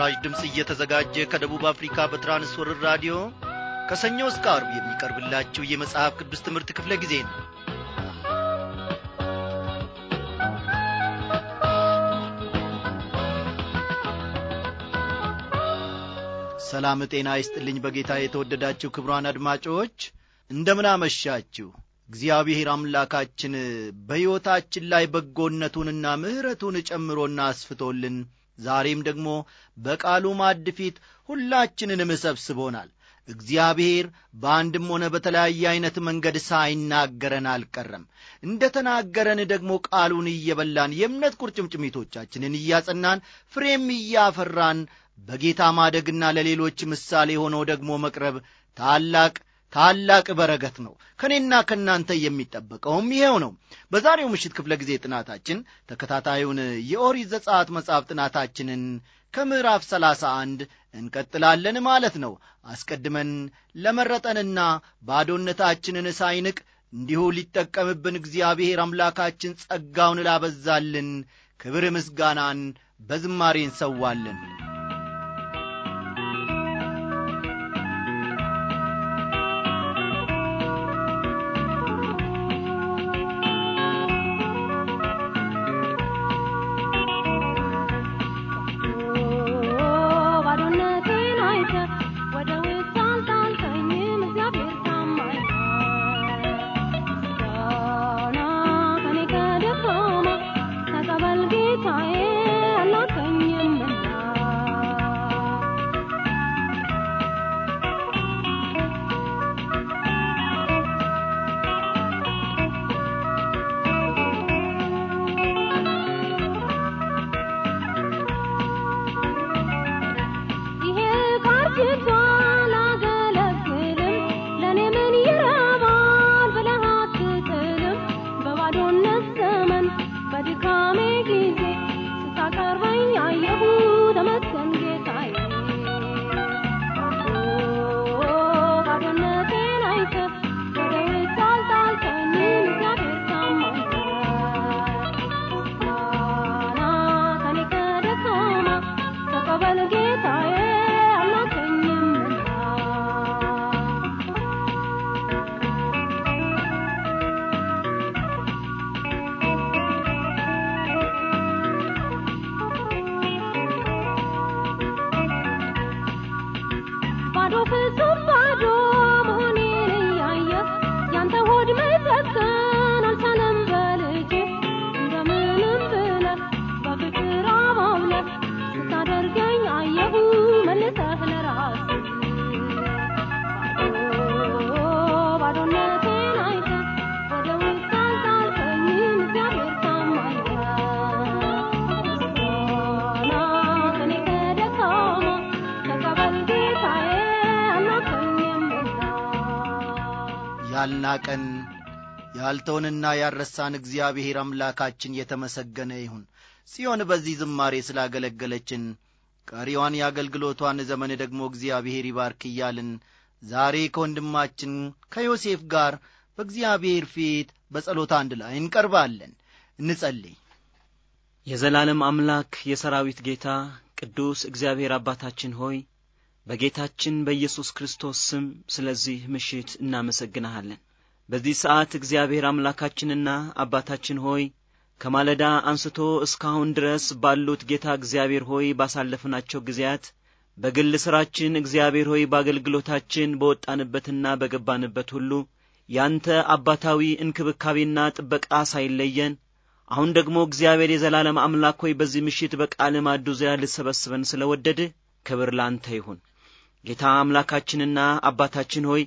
ለምስራች ድምፅ እየተዘጋጀ ከደቡብ አፍሪካ በትራንስወርር ራዲዮ ከሰኞ እስከ አርብ የሚቀርብላችሁ የመጽሐፍ ቅዱስ ትምህርት ክፍለ ጊዜ ነው ሰላም ጤና ይስጥልኝ በጌታ የተወደዳችሁ ክብሯን አድማጮች እንደምን አመሻችሁ እግዚአብሔር አምላካችን በሕይወታችን ላይ በጎነቱንና ምሕረቱን ጨምሮና አስፍቶልን ዛሬም ደግሞ በቃሉ ማድ ፊት ሁላችንንም ሰብስቦናል። እግዚአብሔር በአንድም ሆነ በተለያየ ዐይነት መንገድ ሳይናገረን አልቀረም። እንደ ተናገረን ደግሞ ቃሉን እየበላን የእምነት ቁርጭምጭሚቶቻችንን እያጸናን ፍሬም እያፈራን በጌታ ማደግና ለሌሎች ምሳሌ ሆኖ ደግሞ መቅረብ ታላቅ ታላቅ በረከት ነው። ከእኔና ከእናንተ የሚጠበቀውም ይኸው ነው። በዛሬው ምሽት ክፍለ ጊዜ ጥናታችን ተከታታዩን የኦሪት ዘጸአት መጽሐፍ ጥናታችንን ከምዕራፍ ሰላሳ አንድ እንቀጥላለን ማለት ነው። አስቀድመን ለመረጠንና ባዶነታችንን ሳይንቅ እንዲሁ ሊጠቀምብን እግዚአብሔር አምላካችን ጸጋውን ላበዛልን ክብር ምስጋናን በዝማሬ እንሰዋለን። ያልተውንና ያረሳን እግዚአብሔር አምላካችን የተመሰገነ ይሁን። ጽዮን በዚህ ዝማሬ ስላገለገለችን ቀሪዋን የአገልግሎቷን ዘመን ደግሞ እግዚአብሔር ይባርክ እያልን ዛሬ ከወንድማችን ከዮሴፍ ጋር በእግዚአብሔር ፊት በጸሎት አንድ ላይ እንቀርባለን። እንጸልይ። የዘላለም አምላክ የሰራዊት ጌታ ቅዱስ እግዚአብሔር አባታችን ሆይ በጌታችን በኢየሱስ ክርስቶስ ስም ስለዚህ ምሽት እናመሰግንሃለን። በዚህ ሰዓት እግዚአብሔር አምላካችንና አባታችን ሆይ ከማለዳ አንስቶ እስካሁን ድረስ ባሉት ጌታ እግዚአብሔር ሆይ ባሳለፍናቸው ጊዜያት በግል ሥራችን እግዚአብሔር ሆይ በአገልግሎታችን በወጣንበትና በገባንበት ሁሉ ያንተ አባታዊ እንክብካቤና ጥበቃ ሳይለየን አሁን ደግሞ እግዚአብሔር የዘላለም አምላክ ሆይ በዚህ ምሽት በቃለ ማዱ ዙሪያ ልሰበስበን ስለ ወደድህ ክብር ላንተ ይሁን ጌታ አምላካችንና አባታችን ሆይ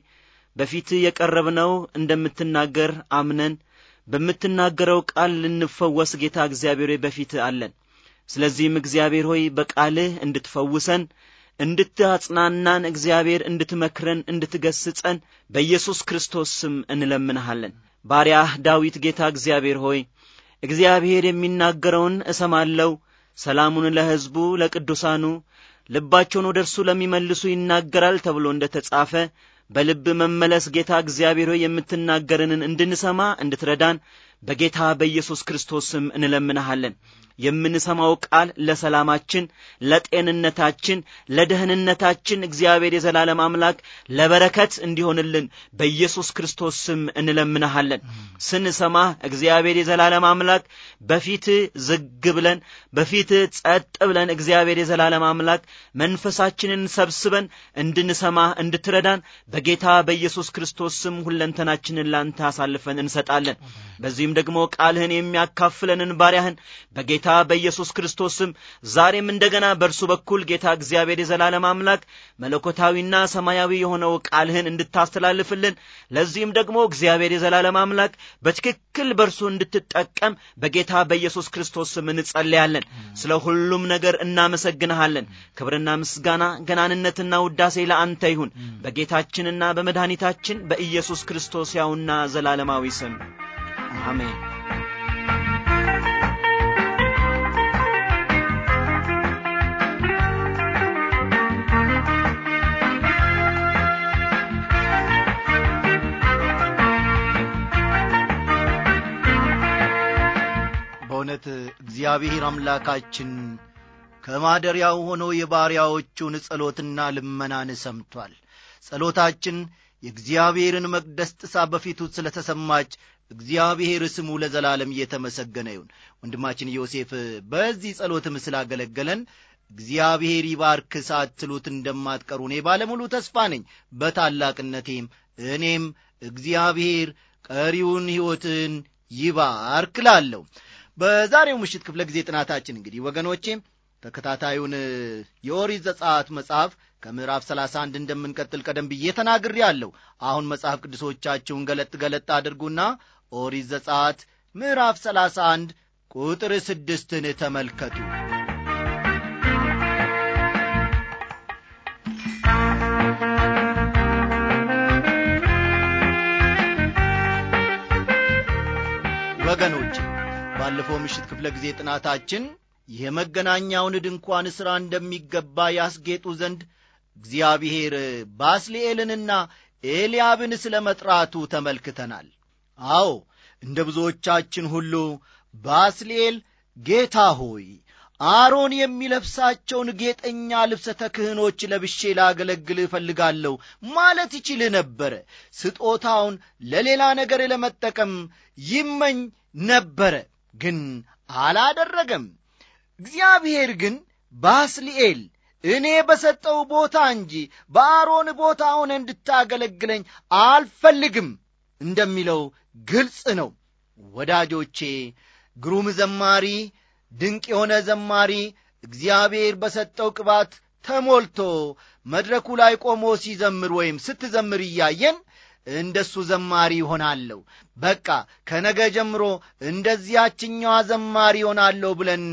በፊት የቀረብነው እንደምትናገር አምነን በምትናገረው ቃል ልንፈወስ ጌታ እግዚአብሔር በፊት አለን። ስለዚህም እግዚአብሔር ሆይ በቃልህ እንድትፈውሰን እንድትአጽናናን እግዚአብሔር እንድትመክረን፣ እንድትገስጸን በኢየሱስ ክርስቶስ ስም እንለምንሃለን። ባሪያህ ዳዊት ጌታ እግዚአብሔር ሆይ እግዚአብሔር የሚናገረውን እሰማለሁ፣ ሰላሙን ለሕዝቡ ለቅዱሳኑ ልባቸውን ወደ እርሱ ለሚመልሱ ይናገራል ተብሎ እንደ ተጻፈ በልብ መመለስ ጌታ እግዚአብሔር ሆይ የምትናገርንን እንድንሰማ እንድትረዳን በጌታ በኢየሱስ ክርስቶስ ስም እንለምንሃለን። የምንሰማው ቃል ለሰላማችን፣ ለጤንነታችን፣ ለደህንነታችን እግዚአብሔር የዘላለም አምላክ ለበረከት እንዲሆንልን በኢየሱስ ክርስቶስ ስም እንለምንሃለን። ስንሰማህ እግዚአብሔር የዘላለም አምላክ በፊት ዝግ ብለን በፊት ጸጥ ብለን እግዚአብሔር የዘላለም አምላክ መንፈሳችንን ሰብስበን እንድንሰማህ እንድትረዳን በጌታ በኢየሱስ ክርስቶስ ስም ሁለንተናችንን ላንተ አሳልፈን እንሰጣለን። በዚህም ደግሞ ቃልህን የሚያካፍለንን ባሪያህን በጌታ በኢየሱስ ክርስቶስ ስም ዛሬም እንደገና በእርሱ በኩል ጌታ እግዚአብሔር የዘላለም አምላክ መለኮታዊና ሰማያዊ የሆነው ቃልህን እንድታስተላልፍልን ለዚህም ደግሞ እግዚአብሔር የዘላለም አምላክ በትክክል በእርሱ እንድትጠቀም በጌታ በኢየሱስ ክርስቶስ ስም እንጸለያለን ስለ ሁሉም ነገር እናመሰግንሃለን ክብርና ምስጋና ገናንነትና ውዳሴ ለአንተ ይሁን በጌታችንና በመድኃኒታችን በኢየሱስ ክርስቶስ ያውና ዘላለማዊ ስም አሜን በእውነት እግዚአብሔር አምላካችን ከማደሪያው ሆኖ የባሪያዎቹን ጸሎትና ልመናን ሰምቷል ጸሎታችን የእግዚአብሔርን መቅደስ ጥሳ በፊቱ ስለ ተሰማች እግዚአብሔር ስሙ ለዘላለም እየተመሰገነ ይሁን ወንድማችን ዮሴፍ በዚህ ጸሎት ምስል አገለገለን እግዚአብሔር ይባርክ ሳትሉት እንደማትቀሩ እኔ ባለሙሉ ተስፋ ነኝ በታላቅነቴም እኔም እግዚአብሔር ቀሪውን ሕይወትን ይባርክ ላለሁ በዛሬው ምሽት ክፍለ ጊዜ ጥናታችን እንግዲህ ወገኖቼ ተከታታዩን የኦሪት ዘጸአት መጽሐፍ ከምዕራፍ 31 እንደምንቀጥል ቀደም ብዬ ተናግር ያለው አሁን መጽሐፍ ቅዱሶቻችሁን ገለጥ ገለጥ አድርጉና ኦሪት ዘጸአት ምዕራፍ 31 ቁጥር ስድስትን ተመልከቱ። ወገኖቼ ባለፈው ምሽት ክፍለ ጊዜ ጥናታችን የመገናኛውን ድንኳን ሥራ እንደሚገባ ያስጌጡ ዘንድ እግዚአብሔር ባስልኤልንና ኤልያብን ስለ መጥራቱ ተመልክተናል። አዎ እንደ ብዙዎቻችን ሁሉ ባስልኤል ጌታ ሆይ አሮን የሚለብሳቸውን ጌጠኛ ልብሰ ተክህኖች ለብሼ ላገለግል እፈልጋለሁ ማለት ይችል ነበረ። ስጦታውን ለሌላ ነገር ለመጠቀም ይመኝ ነበረ። ግን አላደረገም። እግዚአብሔር ግን ባስሊኤል እኔ በሰጠው ቦታ እንጂ በአሮን ቦታ ሆነ እንድታገለግለኝ አልፈልግም እንደሚለው ግልጽ ነው። ወዳጆቼ ግሩም ዘማሪ፣ ድንቅ የሆነ ዘማሪ እግዚአብሔር በሰጠው ቅባት ተሞልቶ መድረኩ ላይ ቆሞ ሲዘምር ወይም ስትዘምር እያየን እንደሱ ዘማሪ ይሆናለሁ፣ በቃ ከነገ ጀምሮ እንደዚያችኛዋ ዘማሪ ይሆናለሁ ብለን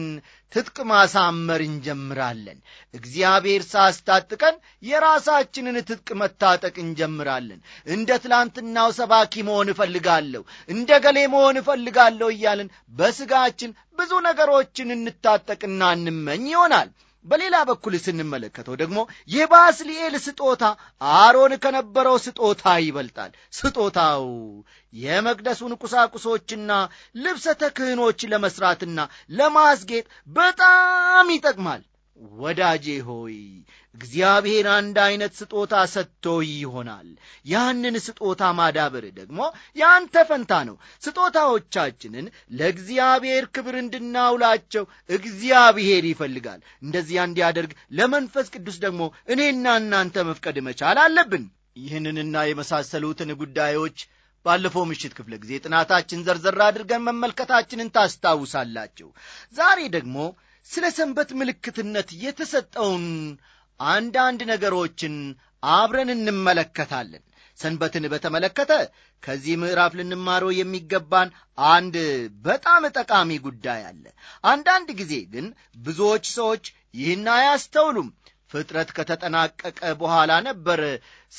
ትጥቅ ማሳመር እንጀምራለን። እግዚአብሔር ሳስታጥቀን የራሳችንን ትጥቅ መታጠቅ እንጀምራለን። እንደ ትላንትናው ሰባኪ መሆን እፈልጋለሁ፣ እንደ ገሌ መሆን እፈልጋለሁ እያልን በሥጋችን ብዙ ነገሮችን እንታጠቅና እንመኝ ይሆናል። በሌላ በኩል ስንመለከተው ደግሞ የባስልኤል ስጦታ አሮን ከነበረው ስጦታ ይበልጣል። ስጦታው የመቅደሱን ቁሳቁሶችና ልብሰ ተክህኖች ለመሥራትና ለማስጌጥ በጣም ይጠቅማል። ወዳጄ ሆይ እግዚአብሔር አንድ ዐይነት ስጦታ ሰጥቶ ይሆናል። ያንን ስጦታ ማዳበር ደግሞ ያንተ ፈንታ ነው። ስጦታዎቻችንን ለእግዚአብሔር ክብር እንድናውላቸው እግዚአብሔር ይፈልጋል። እንደዚያ እንዲያደርግ ለመንፈስ ቅዱስ ደግሞ እኔና እናንተ መፍቀድ መቻል አለብን። ይህንንና የመሳሰሉትን ጉዳዮች ባለፈው ምሽት ክፍለ ጊዜ ጥናታችን ዘርዘር አድርገን መመልከታችንን ታስታውሳላችሁ። ዛሬ ደግሞ ስለ ሰንበት ምልክትነት የተሰጠውን አንዳንድ ነገሮችን አብረን እንመለከታለን። ሰንበትን በተመለከተ ከዚህ ምዕራፍ ልንማረው የሚገባን አንድ በጣም ጠቃሚ ጉዳይ አለ። አንዳንድ ጊዜ ግን ብዙዎች ሰዎች ይህን አያስተውሉም። ፍጥረት ከተጠናቀቀ በኋላ ነበር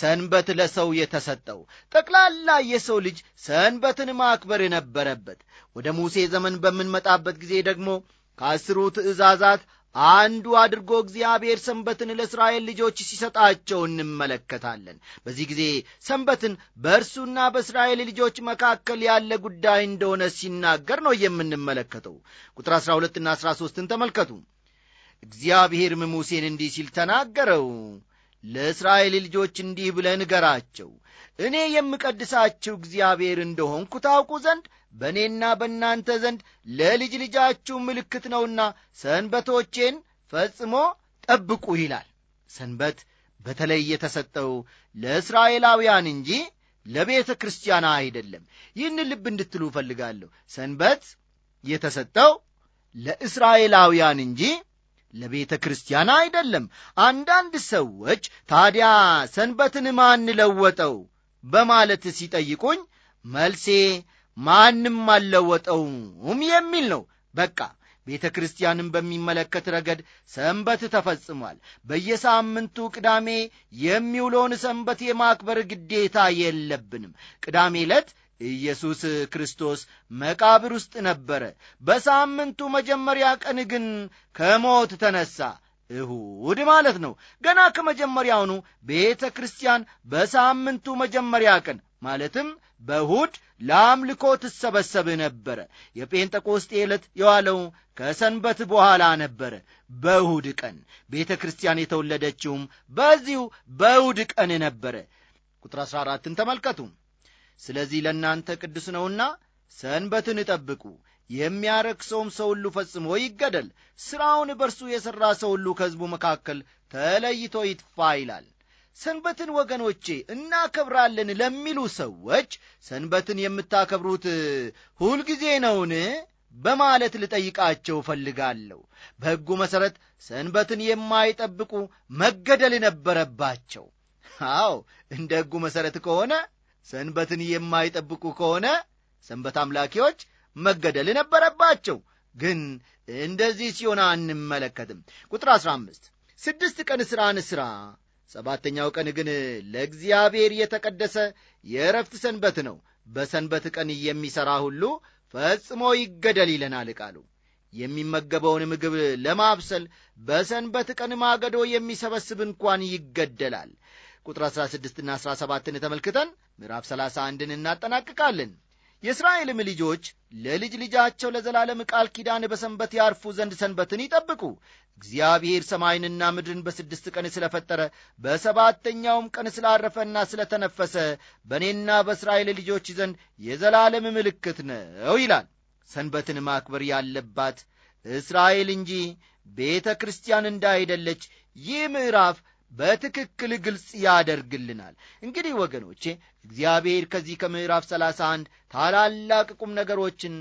ሰንበት ለሰው የተሰጠው። ጠቅላላ የሰው ልጅ ሰንበትን ማክበር የነበረበት ወደ ሙሴ ዘመን በምንመጣበት ጊዜ ደግሞ ከአስሩ ትእዛዛት አንዱ አድርጎ እግዚአብሔር ሰንበትን ለእስራኤል ልጆች ሲሰጣቸው እንመለከታለን። በዚህ ጊዜ ሰንበትን በእርሱና በእስራኤል ልጆች መካከል ያለ ጉዳይ እንደሆነ ሲናገር ነው የምንመለከተው። ቁጥር 12ና 13ን ተመልከቱ። እግዚአብሔርም ሙሴን እንዲህ ሲል ተናገረው ለእስራኤል ልጆች እንዲህ ብለ ንገራቸው እኔ የምቀድሳችሁ እግዚአብሔር እንደሆንኩ ታውቁ ዘንድ በእኔና በእናንተ ዘንድ ለልጅ ልጃችሁ ምልክት ነውና ሰንበቶቼን ፈጽሞ ጠብቁ ይላል። ሰንበት በተለይ የተሰጠው ለእስራኤላውያን እንጂ ለቤተ ክርስቲያን አይደለም። ይህን ልብ እንድትሉ እፈልጋለሁ። ሰንበት የተሰጠው ለእስራኤላውያን እንጂ ለቤተ ክርስቲያን አይደለም። አንዳንድ ሰዎች ታዲያ ሰንበትን ማን ለወጠው በማለት ሲጠይቁኝ መልሴ ማንም አልለወጠውም የሚል ነው። በቃ ቤተ ክርስቲያንን በሚመለከት ረገድ ሰንበት ተፈጽሟል። በየሳምንቱ ቅዳሜ የሚውለውን ሰንበት የማክበር ግዴታ የለብንም። ቅዳሜ ዕለት ኢየሱስ ክርስቶስ መቃብር ውስጥ ነበረ። በሳምንቱ መጀመሪያ ቀን ግን ከሞት ተነሣ። እሁድ ማለት ነው። ገና ከመጀመሪያውኑ ቤተ ክርስቲያን በሳምንቱ መጀመሪያ ቀን ማለትም በእሁድ ለአምልኮ ትሰበሰብ ነበረ። የጴንጠቆስጤ ዕለት የዋለው ከሰንበት በኋላ ነበረ። በእሁድ ቀን ቤተ ክርስቲያን የተወለደችውም በዚሁ በእሁድ ቀን ነበረ። ቁጥር 14ን ተመልከቱ። ስለዚህ ለእናንተ ቅዱስ ነውና ሰንበትን እጠብቁ። የሚያረክሰውም ሰው ሁሉ ፈጽሞ ይገደል፣ ሥራውን በርሱ የሠራ ሰው ሁሉ ከሕዝቡ መካከል ተለይቶ ይጥፋ ይላል። ሰንበትን ወገኖቼ እናከብራለን ለሚሉ ሰዎች ሰንበትን የምታከብሩት ሁልጊዜ ነውን? በማለት ልጠይቃቸው እፈልጋለሁ። በሕጉ መሠረት ሰንበትን የማይጠብቁ መገደል ነበረባቸው። አዎ እንደ ሕጉ መሠረት ከሆነ ሰንበትን የማይጠብቁ ከሆነ ሰንበት አምላኪዎች መገደል ነበረባቸው። ግን እንደዚህ ሲሆን አንመለከትም። ቁጥር 15 ስድስት ቀን ሥራን ሥራ፣ ሰባተኛው ቀን ግን ለእግዚአብሔር የተቀደሰ የእረፍት ሰንበት ነው፣ በሰንበት ቀን የሚሠራ ሁሉ ፈጽሞ ይገደል ይለናል ቃሉ። የሚመገበውን ምግብ ለማብሰል በሰንበት ቀን ማገዶ የሚሰበስብ እንኳን ይገደላል። ቁጥር 16ና 17ን ተመልክተን ምዕራፍ 31ን እናጠናቅቃለን። የእስራኤልም ልጆች ለልጅ ልጃቸው ለዘላለም ቃል ኪዳን በሰንበት ያርፉ ዘንድ ሰንበትን ይጠብቁ። እግዚአብሔር ሰማይንና ምድርን በስድስት ቀን ስለፈጠረ በሰባተኛውም ቀን ስላረፈና ስለተነፈሰ በእኔና በእስራኤል ልጆች ዘንድ የዘላለም ምልክት ነው ይላል። ሰንበትን ማክበር ያለባት እስራኤል እንጂ ቤተ ክርስቲያን እንዳይደለች ይህ ምዕራፍ በትክክል ግልጽ ያደርግልናል። እንግዲህ ወገኖቼ እግዚአብሔር ከዚህ ከምዕራፍ 31 ታላላቅ ቁም ነገሮችን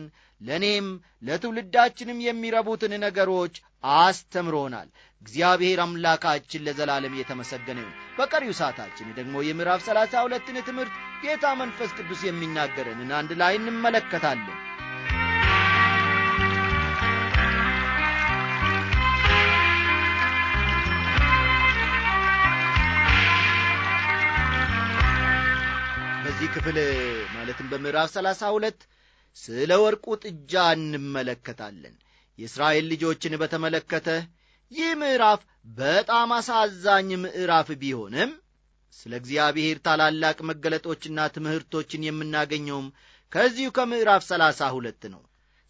ለእኔም ለትውልዳችንም የሚረቡትን ነገሮች አስተምሮናል። እግዚአብሔር አምላካችን ለዘላለም የተመሰገነ ይሁን። በቀሪው ሰዓታችን ደግሞ የምዕራፍ ሰላሳ ሁለትን ትምህርት ጌታ መንፈስ ቅዱስ የሚናገረንን አንድ ላይ እንመለከታለን። በዚህ ክፍል ማለትም በምዕራፍ ሰላሳ ሁለት ስለ ወርቁ ጥጃ እንመለከታለን። የእስራኤል ልጆችን በተመለከተ ይህ ምዕራፍ በጣም አሳዛኝ ምዕራፍ ቢሆንም ስለ እግዚአብሔር ታላላቅ መገለጦችና ትምህርቶችን የምናገኘውም ከዚሁ ከምዕራፍ ሰላሳ ሁለት ነው።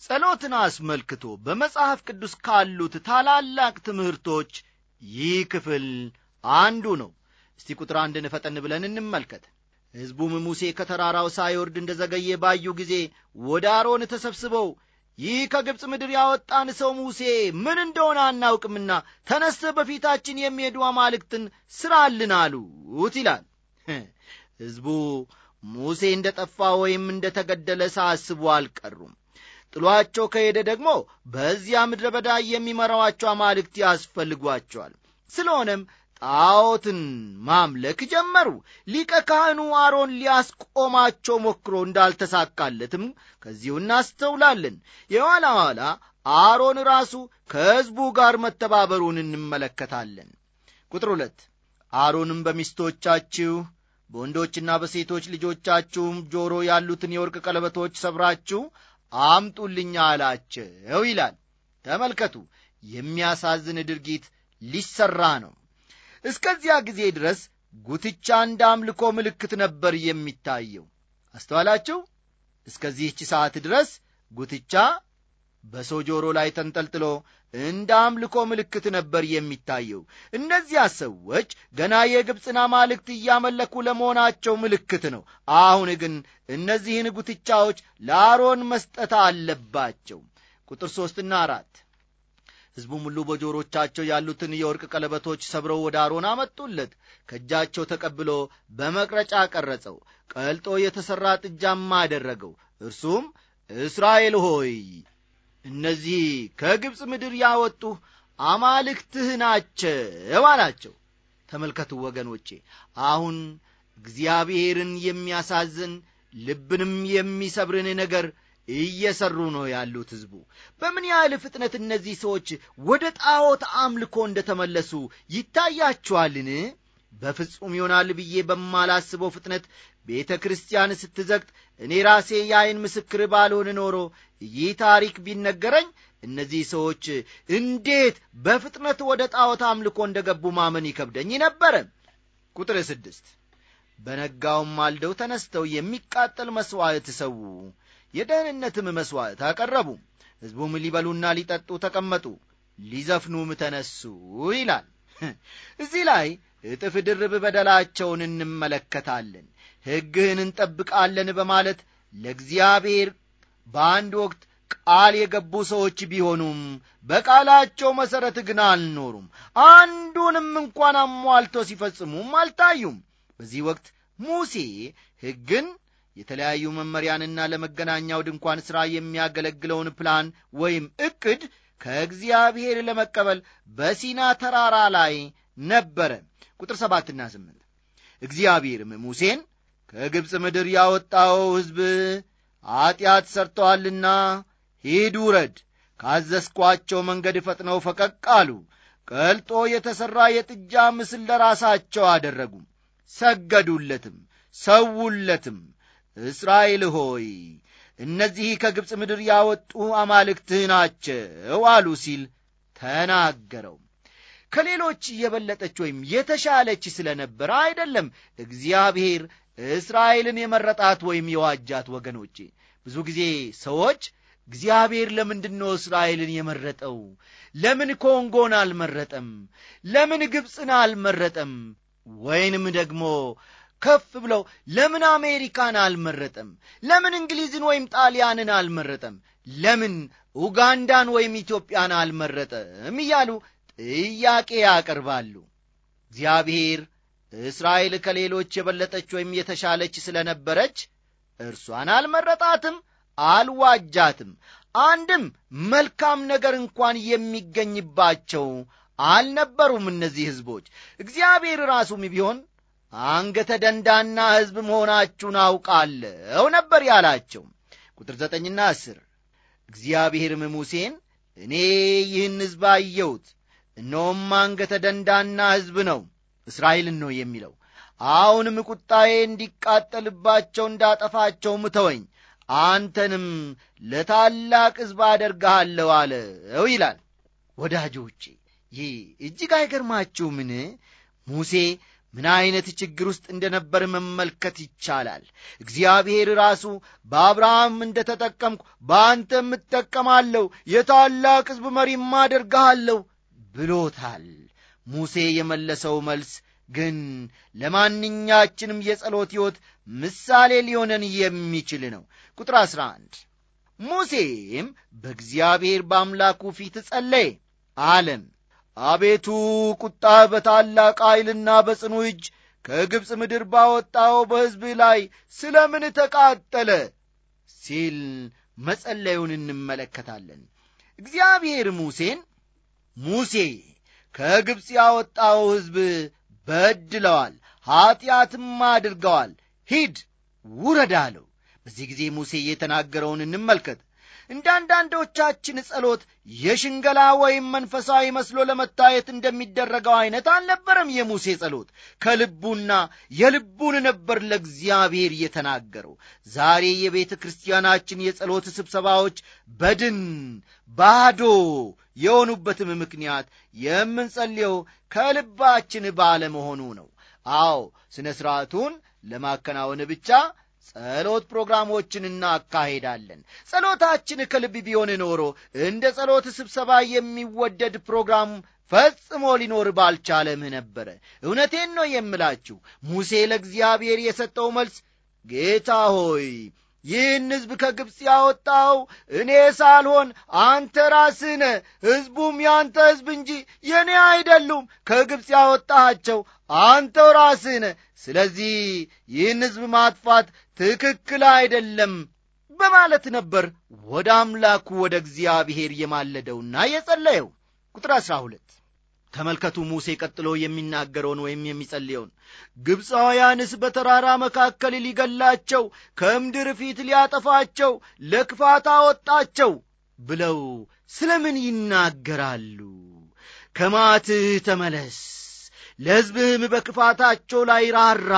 ጸሎትን አስመልክቶ በመጽሐፍ ቅዱስ ካሉት ታላላቅ ትምህርቶች ይህ ክፍል አንዱ ነው። እስቲ ቁጥር አንድን ፈጠን ብለን እንመልከት። ሕዝቡም ሙሴ ከተራራው ሳይወርድ እንደ ዘገየ ባዩ ጊዜ ወደ አሮን ተሰብስበው ይህ ከግብፅ ምድር ያወጣን ሰው ሙሴ ምን እንደሆነ አናውቅምና ተነስተ በፊታችን የሚሄዱ አማልክትን ሥራልን አሉት ይላል። ሕዝቡ ሙሴ እንደ ጠፋ ወይም እንደ ተገደለ ሳያስቡ አልቀሩም። ጥሏቸው ከሄደ ደግሞ በዚያ ምድረ በዳ የሚመራዋቸው አማልክት ያስፈልጓቸዋል። ስለሆነም ጣዖትን ማምለክ ጀመሩ። ሊቀ ካህኑ አሮን ሊያስቆማቸው ሞክሮ እንዳልተሳካለትም ከዚሁ እናስተውላለን። የኋላ ኋላ አሮን ራሱ ከሕዝቡ ጋር መተባበሩን እንመለከታለን። ቁጥር ሁለት አሮንም በሚስቶቻችሁ በወንዶችና በሴቶች ልጆቻችሁም ጆሮ ያሉትን የወርቅ ቀለበቶች ሰብራችሁ አምጡልኛ አላቸው ይላል። ተመልከቱ፣ የሚያሳዝን ድርጊት ሊሠራ ነው። እስከዚያ ጊዜ ድረስ ጉትቻ እንደ አምልኮ ምልክት ነበር የሚታየው። አስተዋላችሁ? እስከዚህች ሰዓት ድረስ ጉትቻ በሰው ጆሮ ላይ ተንጠልጥሎ እንደ አምልኮ ምልክት ነበር የሚታየው። እነዚያ ሰዎች ገና የግብፅን አማልክት እያመለኩ ለመሆናቸው ምልክት ነው። አሁን ግን እነዚህን ጉትቻዎች ለአሮን መስጠት አለባቸው። ቁጥር ሦስትና አራት ሕዝቡም ሁሉ በጆሮቻቸው ያሉትን የወርቅ ቀለበቶች ሰብረው ወደ አሮን አመጡለት። ከእጃቸው ተቀብሎ በመቅረጫ ቀረጸው፣ ቀልጦ የተሠራ ጥጃም አደረገው። እርሱም እስራኤል ሆይ እነዚህ ከግብፅ ምድር ያወጡህ አማልክትህ ናቸው አላቸው። ተመልከቱ ወገኖቼ፣ አሁን እግዚአብሔርን የሚያሳዝን ልብንም የሚሰብርን ነገር እየሰሩ ነው ያሉት ሕዝቡ። በምን ያህል ፍጥነት እነዚህ ሰዎች ወደ ጣዖት አምልኮ እንደተመለሱ ይታያችኋልን? በፍጹም ይሆናል ብዬ በማላስበው ፍጥነት ቤተ ክርስቲያን ስትዘግት እኔ ራሴ የአይን ምስክር ባልሆን ኖሮ ይህ ታሪክ ቢነገረኝ እነዚህ ሰዎች እንዴት በፍጥነት ወደ ጣዖት አምልኮ እንደ ገቡ ማመን ይከብደኝ ነበረ። ቁጥር ስድስት በነጋውም ማልደው ተነስተው የሚቃጠል መሥዋዕት ሰዉ የደህንነትም መሥዋዕት አቀረቡ ሕዝቡም ሊበሉና ሊጠጡ ተቀመጡ ሊዘፍኑም ተነሱ ይላል እዚህ ላይ እጥፍ ድርብ በደላቸውን እንመለከታለን ሕግህን እንጠብቃለን በማለት ለእግዚአብሔር በአንድ ወቅት ቃል የገቡ ሰዎች ቢሆኑም በቃላቸው መሠረት ግን አልኖሩም አንዱንም እንኳን አሟልቶ ሲፈጽሙም አልታዩም በዚህ ወቅት ሙሴ ሕግን የተለያዩ መመሪያንና ለመገናኛው ድንኳን ሥራ የሚያገለግለውን ፕላን ወይም ዕቅድ ከእግዚአብሔር ለመቀበል በሲና ተራራ ላይ ነበረ። ቁጥር ሰባትና ስምንት እግዚአብሔርም ሙሴን ከግብፅ ምድር ያወጣው ሕዝብ አጢአት ሠርተዋልና ሂድ ውረድ፣ ካዘዝኳቸው መንገድ ፈጥነው ፈቀቅ አሉ። ቀልጦ የተሠራ የጥጃ ምስል ለራሳቸው አደረጉ፣ ሰገዱለትም፣ ሰውለትም እስራኤል ሆይ እነዚህ ከግብፅ ምድር ያወጡ አማልክትህ ናቸው አሉ ሲል ተናገረው። ከሌሎች የበለጠች ወይም የተሻለች ስለ ነበረ አይደለም እግዚአብሔር እስራኤልን የመረጣት ወይም የዋጃት። ወገኖቼ ብዙ ጊዜ ሰዎች እግዚአብሔር ለምንድን እስራኤልን የመረጠው? ለምን ኮንጎን አልመረጠም? ለምን ግብፅን አልመረጠም? ወይንም ደግሞ ከፍ ብለው ለምን አሜሪካን አልመረጠም? ለምን እንግሊዝን ወይም ጣሊያንን አልመረጠም? ለምን ኡጋንዳን ወይም ኢትዮጵያን አልመረጠም? እያሉ ጥያቄ ያቀርባሉ። እግዚአብሔር እስራኤል ከሌሎች የበለጠች ወይም የተሻለች ስለ ነበረች እርሷን አልመረጣትም፣ አልዋጃትም። አንድም መልካም ነገር እንኳን የሚገኝባቸው አልነበሩም። እነዚህ ሕዝቦች እግዚአብሔር ራሱም ቢሆን አንገተ ደንዳና ሕዝብ መሆናችሁን አውቃለሁ ነበር ያላቸው። ቁጥር ዘጠኝና አስር እግዚአብሔርም ሙሴን እኔ ይህን ሕዝብ አየሁት፣ እነሆም አንገተ ደንዳና ሕዝብ ነው፣ እስራኤልን ነው የሚለው አሁንም ቁጣዬ እንዲቃጠልባቸው እንዳጠፋቸው ምተወኝ አንተንም ለታላቅ ሕዝብ አደርግሃለሁ አለው ይላል። ወዳጆቼ ይህ እጅግ ምን ሙሴ ምን ዐይነት ችግር ውስጥ ነበር መመልከት ይቻላል። እግዚአብሔር ራሱ በአብርሃም እንደ ተጠቀምኩ በአንተ የምጠቀማለሁ የታላቅ ሕዝብ መሪም አደርግሃለሁ ብሎታል። ሙሴ የመለሰው መልስ ግን ለማንኛችንም የጸሎት ሕይወት ምሳሌ ሊሆነን የሚችል ነው። ቁጥር 11 ሙሴም በእግዚአብሔር በአምላኩ ፊት ጸለየ አለም አቤቱ ቁጣህ በታላቅ ኃይልና በጽኑ እጅ ከግብፅ ምድር ባወጣው በሕዝብህ ላይ ስለ ምን ተቃጠለ ሲል መጸለዩን እንመለከታለን። እግዚአብሔር ሙሴን ሙሴ ከግብፅ ያወጣው ሕዝብ በድለዋል፣ ኀጢአትም አድርገዋል፣ ሂድ ውረድ አለው። በዚህ ጊዜ ሙሴ የተናገረውን እንመልከት። እንደ አንዳንዶቻችን ጸሎት የሽንገላ ወይም መንፈሳዊ መስሎ ለመታየት እንደሚደረገው አይነት አልነበረም። የሙሴ ጸሎት ከልቡና የልቡን ነበር ለእግዚአብሔር የተናገረው። ዛሬ የቤተ ክርስቲያናችን የጸሎት ስብሰባዎች በድን ባዶ የሆኑበትም ምክንያት የምንጸልየው ከልባችን ባለመሆኑ ነው። አዎ ሥነ ሥርዓቱን ለማከናወን ብቻ ጸሎት ፕሮግራሞችን እናካሄዳለን። ጸሎታችን ከልብ ቢሆን ኖሮ እንደ ጸሎት ስብሰባ የሚወደድ ፕሮግራም ፈጽሞ ሊኖር ባልቻለም ነበረ። እውነቴን ነው የምላችሁ። ሙሴ ለእግዚአብሔር የሰጠው መልስ ጌታ ሆይ ይህን ሕዝብ ከግብፅ ያወጣው እኔ ሳልሆን አንተ ራስነ ሕዝቡም ያንተ ሕዝብ እንጂ የእኔ አይደሉም። ከግብፅ ያወጣሃቸው አንተው ራስነ ስለዚህ ይህን ሕዝብ ማጥፋት ትክክል አይደለም በማለት ነበር ወደ አምላኩ ወደ እግዚአብሔር የማለደውና የጸለየው። ቁጥር አሥራ ሁለት ተመልከቱ ሙሴ ቀጥሎ የሚናገረውን ወይም የሚጸልየውን ግብፃውያንስ በተራራ መካከል ሊገላቸው ከምድር ፊት ሊያጠፋቸው ለክፋት አወጣቸው ብለው ስለ ምን ይናገራሉ ከማትህ ተመለስ ለሕዝብህም በክፋታቸው ላይ ራራ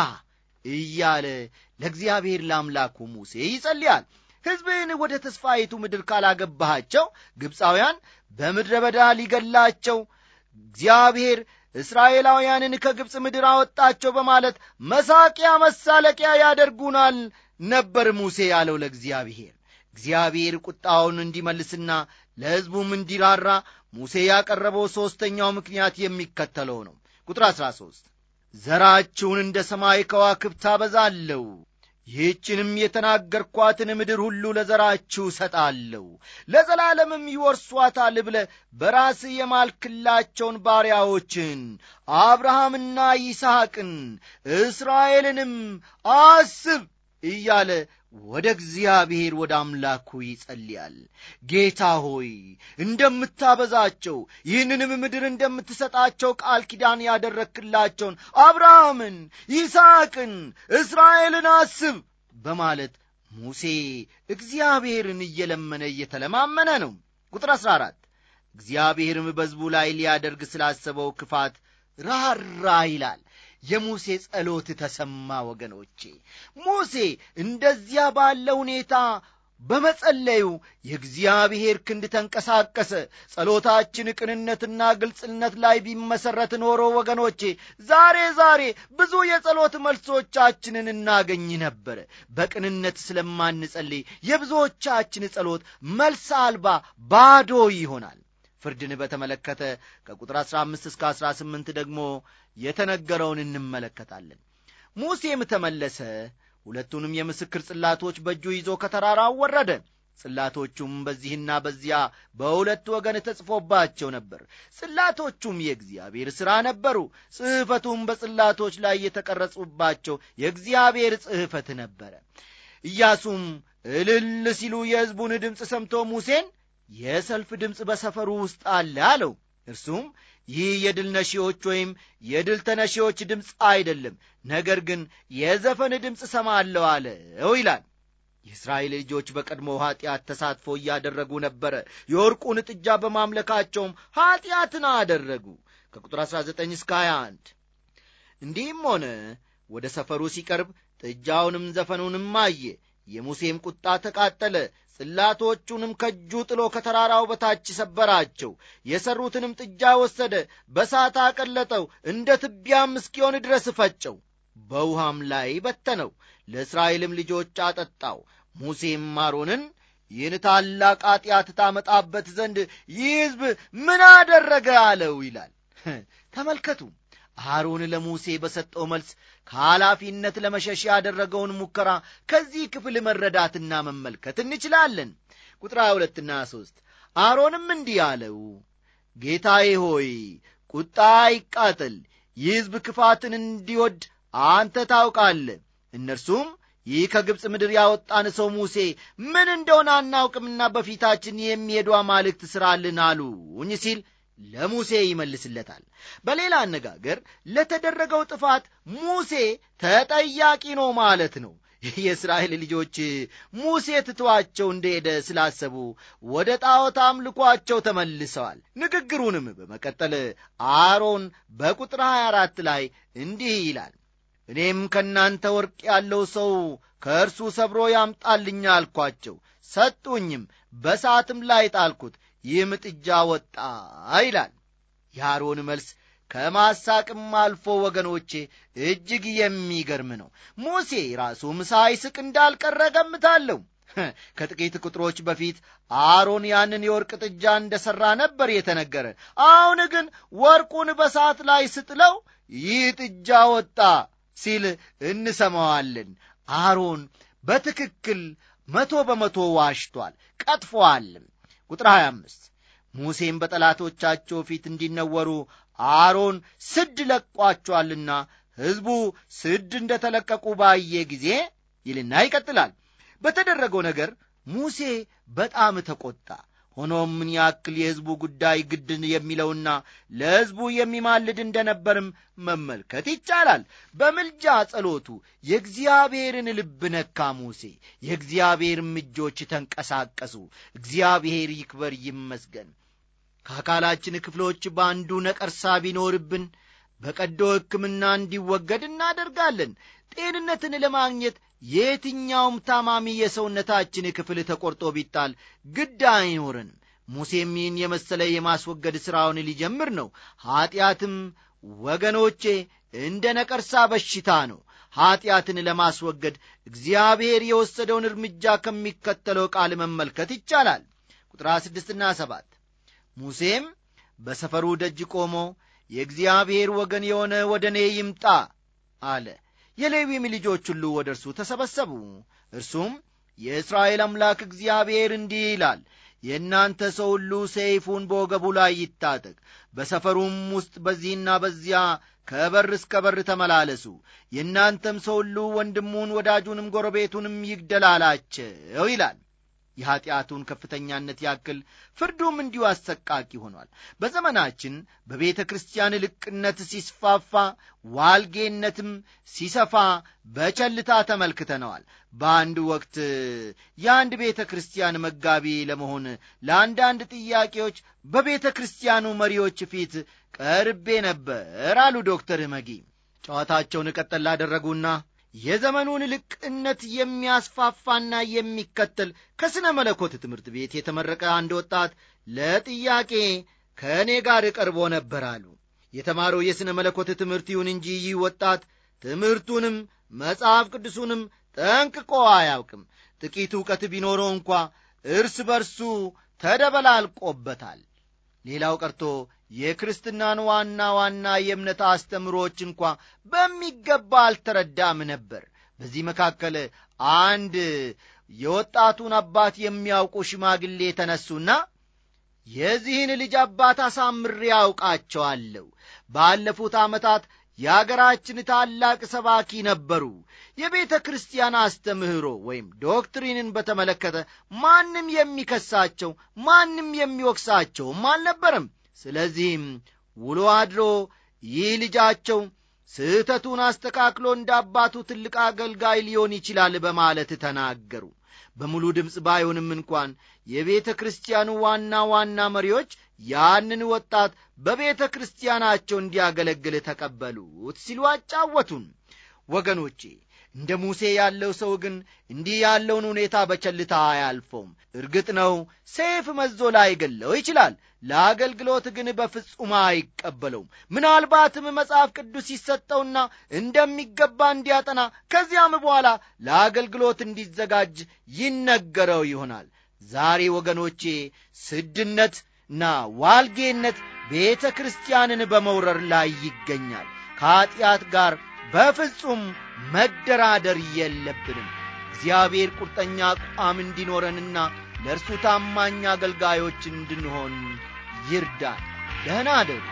እያለ ለእግዚአብሔር ለአምላኩ ሙሴ ይጸልያል ሕዝብህን ወደ ተስፋዪቱ ምድር ካላገባሃቸው ግብፃውያን በምድረ በዳ ሊገላቸው እግዚአብሔር እስራኤላውያንን ከግብፅ ምድር አወጣቸው በማለት መሳቂያ መሳለቂያ ያደርጉናል ነበር ሙሴ ያለው ለእግዚአብሔር። እግዚአብሔር ቁጣውን እንዲመልስና ለሕዝቡም እንዲራራ ሙሴ ያቀረበው ሦስተኛው ምክንያት የሚከተለው ነው። ቁጥር 13 ዘራችሁን እንደ ሰማይ ከዋክብት አበዛለሁ ይህችንም የተናገርኳትን ምድር ሁሉ ለዘራችሁ እሰጣለሁ ለዘላለምም ይወርሷታል ብለ በራስ የማልክላቸውን ባሪያዎችን አብርሃምና ይስሐቅን እስራኤልንም አስብ እያለ ወደ እግዚአብሔር ወደ አምላኩ ይጸልያል። ጌታ ሆይ እንደምታበዛቸው ይህንንም ምድር እንደምትሰጣቸው ቃል ኪዳን ያደረክላቸውን አብርሃምን፣ ይስቅን እስራኤልን አስብ በማለት ሙሴ እግዚአብሔርን እየለመነ እየተለማመነ ነው። ቁጥር 14 እግዚአብሔርም በሕዝቡ ላይ ሊያደርግ ስላሰበው ክፋት ራራ ይላል። የሙሴ ጸሎት ተሰማ። ወገኖቼ ሙሴ እንደዚያ ባለ ሁኔታ በመጸለዩ የእግዚአብሔር ክንድ ተንቀሳቀሰ። ጸሎታችን ቅንነትና ግልጽነት ላይ ቢመሠረት ኖሮ ወገኖቼ ዛሬ ዛሬ ብዙ የጸሎት መልሶቻችንን እናገኝ ነበር። በቅንነት ስለማንጸልይ የብዙዎቻችን ጸሎት መልስ አልባ ባዶ ይሆናል። ፍርድን በተመለከተ ከቁጥር 15 እስከ 18 ደግሞ የተነገረውን እንመለከታለን። ሙሴም ተመለሰ፣ ሁለቱንም የምስክር ጽላቶች በእጁ ይዞ ከተራራው ወረደ። ጽላቶቹም በዚህና በዚያ በሁለቱ ወገን ተጽፎባቸው ነበር። ጽላቶቹም የእግዚአብሔር ሥራ ነበሩ። ጽሕፈቱም በጽላቶች ላይ የተቀረጹባቸው የእግዚአብሔር ጽሕፈት ነበረ። ኢያሱም እልል ሲሉ የሕዝቡን ድምፅ ሰምቶ ሙሴን የሰልፍ ድምፅ በሰፈሩ ውስጥ አለ አለው። እርሱም ይህ የድል ነሺዎች ወይም የድል ተነሺዎች ድምፅ አይደለም፣ ነገር ግን የዘፈን ድምፅ ሰማለሁ አለው ይላል። የእስራኤል ልጆች በቀድሞ ኀጢአት ተሳትፎ እያደረጉ ነበረ። የወርቁን ጥጃ በማምለካቸውም ኀጢአትን አደረጉ። ከቁጥር 19 እስከ 21 እንዲህም ሆነ ወደ ሰፈሩ ሲቀርብ ጥጃውንም ዘፈኑንም አየ። የሙሴም ቁጣ ተቃጠለ፣ ጽላቶቹንም ከእጁ ጥሎ ከተራራው በታች ሰበራቸው። የሠሩትንም ጥጃ ወሰደ፣ በሳት አቀለጠው፣ እንደ ትቢያም እስኪሆን ድረስ ፈጨው፣ በውሃም ላይ በተነው፣ ለእስራኤልም ልጆች አጠጣው። ሙሴም አሮንን ይህን ታላቅ አጢአት ታመጣበት ዘንድ ይህ ሕዝብ ምን አደረገ አለው ይላል። ተመልከቱ አሮን ለሙሴ በሰጠው መልስ ከኃላፊነት ለመሸሽ ያደረገውን ሙከራ ከዚህ ክፍል መረዳትና መመልከት እንችላለን። ቁጥር 2ና 3 አሮንም እንዲህ አለው፣ ጌታዬ ሆይ ቁጣ ይቃጠል፣ ይህዝብ ክፋትን እንዲወድ አንተ ታውቃለ እነርሱም ይህ ከግብፅ ምድር ያወጣን ሰው ሙሴ ምን እንደሆነ አናውቅምና በፊታችን የሚሄዱ አማልክት ሥራልን አሉኝ ሲል ለሙሴ ይመልስለታል። በሌላ አነጋገር ለተደረገው ጥፋት ሙሴ ተጠያቂ ነው ማለት ነው። የእስራኤል ልጆች ሙሴ ትቷቸው እንደሄደ ስላሰቡ ወደ ጣዖት አምልኳቸው ተመልሰዋል። ንግግሩንም በመቀጠል አሮን በቁጥር 24 ላይ እንዲህ ይላል፣ እኔም ከእናንተ ወርቅ ያለው ሰው ከእርሱ ሰብሮ ያምጣልኛ አልኳቸው፣ ሰጡኝም፣ በሳትም ላይ ጣልኩት ይህ ምጥጃ ወጣ ይላል። የአሮን መልስ ከማሳቅም አልፎ ወገኖቼ እጅግ የሚገርም ነው። ሙሴ ራሱም ሳይስቅ እንዳልቀረ ገምታለሁ። ከጥቂት ቁጥሮች በፊት አሮን ያንን የወርቅ ጥጃ እንደ ሠራ ነበር የተነገረ አሁን ግን ወርቁን በሳት ላይ ስጥለው ይህ ጥጃ ወጣ ሲል እንሰማዋለን። አሮን በትክክል መቶ በመቶ ዋሽቷል፣ ቀጥፎአልም። ቁጥር 25 ሙሴም በጠላቶቻቸው ፊት እንዲነወሩ አሮን ስድ ለቋቸዋልና ሕዝቡ ስድ እንደ ተለቀቁ ባየ ጊዜ ይልና ይቀጥላል። በተደረገው ነገር ሙሴ በጣም ተቆጣ። ሆኖም ምን ያክል የሕዝቡ ጉዳይ ግድን የሚለውና ለሕዝቡ የሚማልድ እንደነበርም መመልከት ይቻላል። በምልጃ ጸሎቱ የእግዚአብሔርን ልብ ነካ ሙሴ። የእግዚአብሔርም እጆች ተንቀሳቀሱ። እግዚአብሔር ይክበር ይመስገን። ከአካላችን ክፍሎች በአንዱ ነቀርሳ ቢኖርብን በቀዶ ሕክምና እንዲወገድ እናደርጋለን። ጤንነትን ለማግኘት የየትኛውም ታማሚ የሰውነታችን ክፍል ተቆርጦ ቢጣል ግድ አይኖርን። ሙሴም ይህን የመሰለ የማስወገድ ሥራውን ሊጀምር ነው። ኀጢአትም ወገኖቼ እንደ ነቀርሳ በሽታ ነው። ኀጢአትን ለማስወገድ እግዚአብሔር የወሰደውን እርምጃ ከሚከተለው ቃል መመልከት ይቻላል። ቁጥር ስድስትና ሰባት ሙሴም በሰፈሩ ደጅ ቆሞ የእግዚአብሔር ወገን የሆነ ወደ እኔ ይምጣ አለ። የሌዊም ልጆች ሁሉ ወደ እርሱ ተሰበሰቡ። እርሱም የእስራኤል አምላክ እግዚአብሔር እንዲህ ይላል የእናንተ ሰው ሁሉ ሰይፉን በወገቡ ላይ ይታጠቅ፣ በሰፈሩም ውስጥ በዚህና በዚያ ከበር እስከ በር ተመላለሱ። የእናንተም ሰው ሁሉ ወንድሙን ወዳጁንም ጎረቤቱንም ይግደላላቸው ይላል። የኀጢአቱን ከፍተኛነት ያክል ፍርዱም እንዲሁ አሰቃቂ ሆኗል። በዘመናችን በቤተ ክርስቲያን ልቅነት ሲስፋፋ፣ ዋልጌነትም ሲሰፋ በቸልታ ተመልክተነዋል። በአንድ ወቅት የአንድ ቤተ ክርስቲያን መጋቢ ለመሆን ለአንዳንድ ጥያቄዎች በቤተ ክርስቲያኑ መሪዎች ፊት ቀርቤ ነበር አሉ ዶክተር መጊ ጨዋታቸውን ቀጠል ላደረጉና የዘመኑን ልቅነት የሚያስፋፋና የሚከተል ከሥነ መለኮት ትምህርት ቤት የተመረቀ አንድ ወጣት ለጥያቄ ከእኔ ጋር ቀርቦ ነበር አሉ። የተማረው የሥነ መለኮት ትምህርት ይሁን እንጂ ይህ ወጣት ትምህርቱንም መጽሐፍ ቅዱሱንም ጠንቅቆ አያውቅም። ጥቂት ዕውቀት ቢኖረው እንኳ እርስ በርሱ ተደበላልቆበታል። ሌላው ቀርቶ የክርስትናን ዋና ዋና የእምነት አስተምሮዎች እንኳ በሚገባ አልተረዳም ነበር። በዚህ መካከል አንድ የወጣቱን አባት የሚያውቁ ሽማግሌ ተነሱና የዚህን ልጅ አባት አሳምሬ ያውቃቸዋለሁ። ባለፉት ዓመታት የአገራችን ታላቅ ሰባኪ ነበሩ። የቤተ ክርስቲያን አስተምህሮ ወይም ዶክትሪንን በተመለከተ ማንም የሚከሳቸው ማንም የሚወቅሳቸውም አልነበረም። ስለዚህም ውሎ አድሮ ይህ ልጃቸው ስህተቱን አስተካክሎ እንደ አባቱ ትልቅ አገልጋይ ሊሆን ይችላል በማለት ተናገሩ። በሙሉ ድምፅ ባይሆንም እንኳን የቤተ ክርስቲያኑ ዋና ዋና መሪዎች ያንን ወጣት በቤተ ክርስቲያናቸው እንዲያገለግል ተቀበሉት ሲሉ አጫወቱን። ወገኖቼ እንደ ሙሴ ያለው ሰው ግን እንዲህ ያለውን ሁኔታ በቸልታ አያልፈውም። እርግጥ ነው ሰይፍ መዞ ላይ ገለው ይችላል። ለአገልግሎት ግን በፍጹም አይቀበለውም። ምናልባትም መጽሐፍ ቅዱስ ይሰጠውና እንደሚገባ እንዲያጠና ከዚያም በኋላ ለአገልግሎት እንዲዘጋጅ ይነገረው ይሆናል። ዛሬ ወገኖቼ ና ዋልጌነት ቤተ ክርስቲያንን በመውረር ላይ ይገኛል። ከኀጢአት ጋር በፍጹም መደራደር የለብንም እግዚአብሔር ቁርጠኛ አቋም እንዲኖረንና ለእርሱ ታማኝ አገልጋዮች እንድንሆን ይርዳል ደህና አደሩ